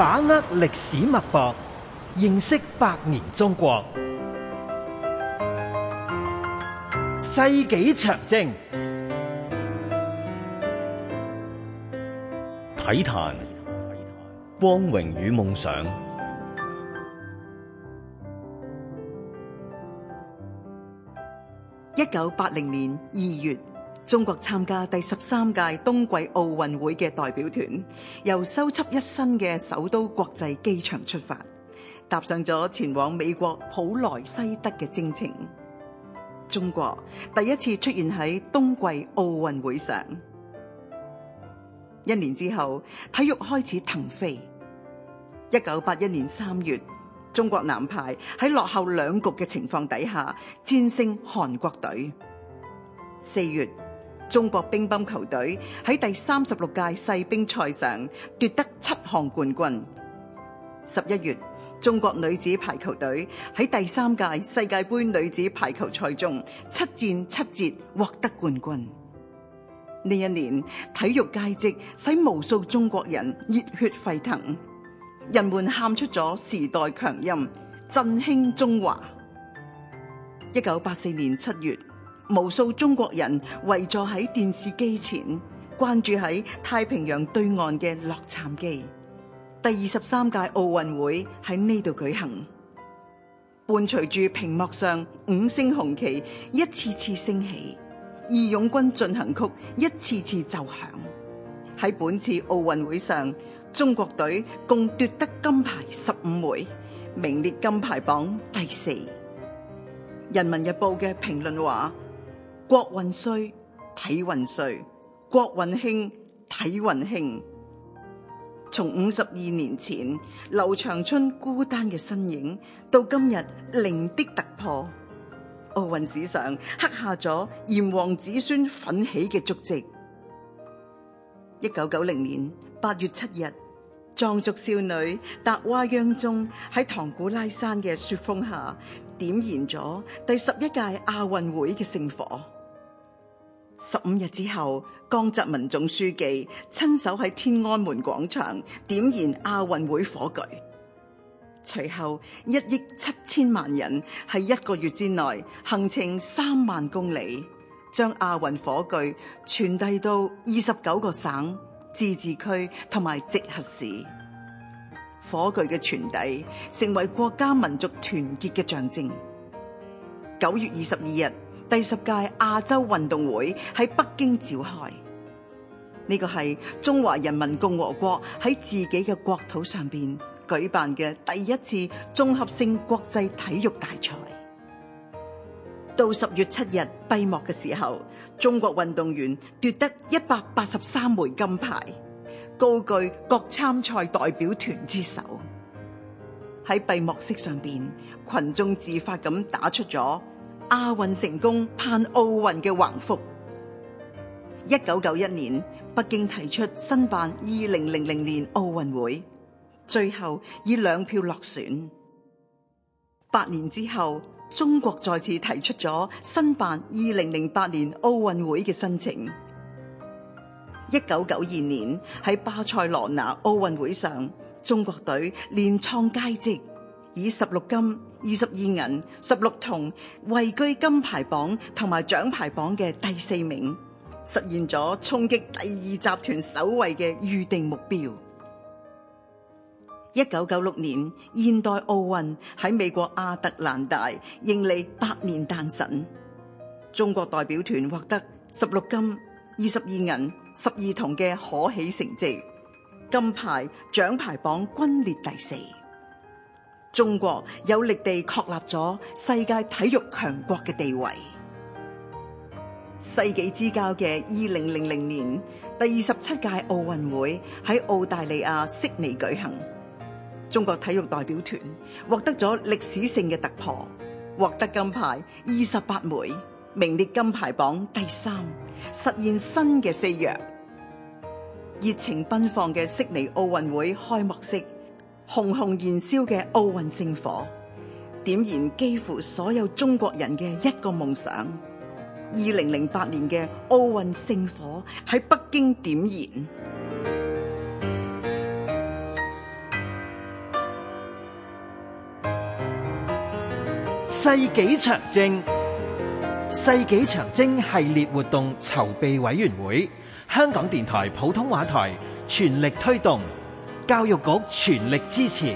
把握歷史脈搏，認識百年中國。世紀長征，體壇光榮與夢想。一九八零年二月。中國參加第十三屆冬季奧運會嘅代表團，由修葺一新嘅首都國際機場出發，踏上咗前往美國普萊西德嘅征程。中國第一次出現喺冬季奧運會上。一年之後，體育開始騰飛。一九八一年三月，中國男排喺落後兩局嘅情況底下，戰勝韓國隊。四月。中國乒乓球隊喺第三十六屆世乒賽上奪得七項冠軍。十一月，中國女子排球隊喺第三屆世界杯女子排球賽中七戰七捷獲得冠軍。呢一年體育佳績使無數中國人熱血沸騰，人們喊出咗時代強音：振興中華。一九八四年七月。無數中國人圍坐喺電視機前，關注喺太平洋對岸嘅洛杉磯。第二十三屆奧運會喺呢度舉行，伴隨住屏幕上五星紅旗一次次升起，《義勇軍進行曲》一次次奏響。喺本次奧運會上，中國隊共奪得金牌十五枚，名列金牌榜第四。《人民日報》嘅評論話。國運衰體運衰，國運興體運興。從五十二年前劉長春孤單嘅身影，到今日零的突破，奧運史上刻下咗炎黃子孫奮起嘅足跡。一九九零年八月七日，藏族少女達娃央宗喺唐古拉山嘅雪峰下點燃咗第十一屆亞運會嘅聖火。十五日之後，江澤民總書記親手喺天安門廣場點燃亞運會火炬。隨後，一億七千萬人喺一個月之內，行程三萬公里，將亞運火炬傳遞到二十九個省、自治區同埋直轄市。火炬嘅傳遞成為國家民族團結嘅象徵。九月二十二日，第十屆亞洲運動會喺北京召開，呢個係中華人民共和國喺自己嘅國土上邊舉辦嘅第一次綜合性國際體育大賽。到十月七日閉幕嘅時候，中國運動員奪得一百八十三枚金牌，高居各參賽代表團之首。喺閉幕式上邊，群眾自發咁打出咗。亞運成功，奧運的，盼奧運嘅橫幅。一九九一年，北京提出申辦二零零零年奧運會，最後以兩票落選。八年之後，中國再次提出咗申辦二零零八年奧運會嘅申請。一九九二年喺巴塞羅那奧運會上，中國隊連創佳績。以十六金、二十二銀、十六銅位居金牌榜同埋獎牌榜嘅第四名，實現咗衝擊第二集團首位嘅預定目標。一九九六年現代奧運喺美國亞特蘭大迎嚟百年誕辰，中國代表團獲得十六金、二十二銀、十二銅嘅可喜成績，金牌、獎牌榜均列第四。中國有力地確立咗世界體育強國嘅地位。世紀之交嘅二零零零年，第二十七屆奧運會喺澳大利亞悉尼舉行。中國體育代表團獲得咗歷史性嘅突破，獲得金牌二十八枚，名列金牌榜第三，實現新嘅飛躍。熱情奔放嘅悉尼奧運會開幕式。熊熊燃燒嘅奧運聖火，點燃幾乎所有中國人嘅一個夢想。二零零八年嘅奧運聖火喺北京點燃。世紀長征、世紀長征系列活動籌備委員會，香港電台普通話台全力推動。教育局全力支持。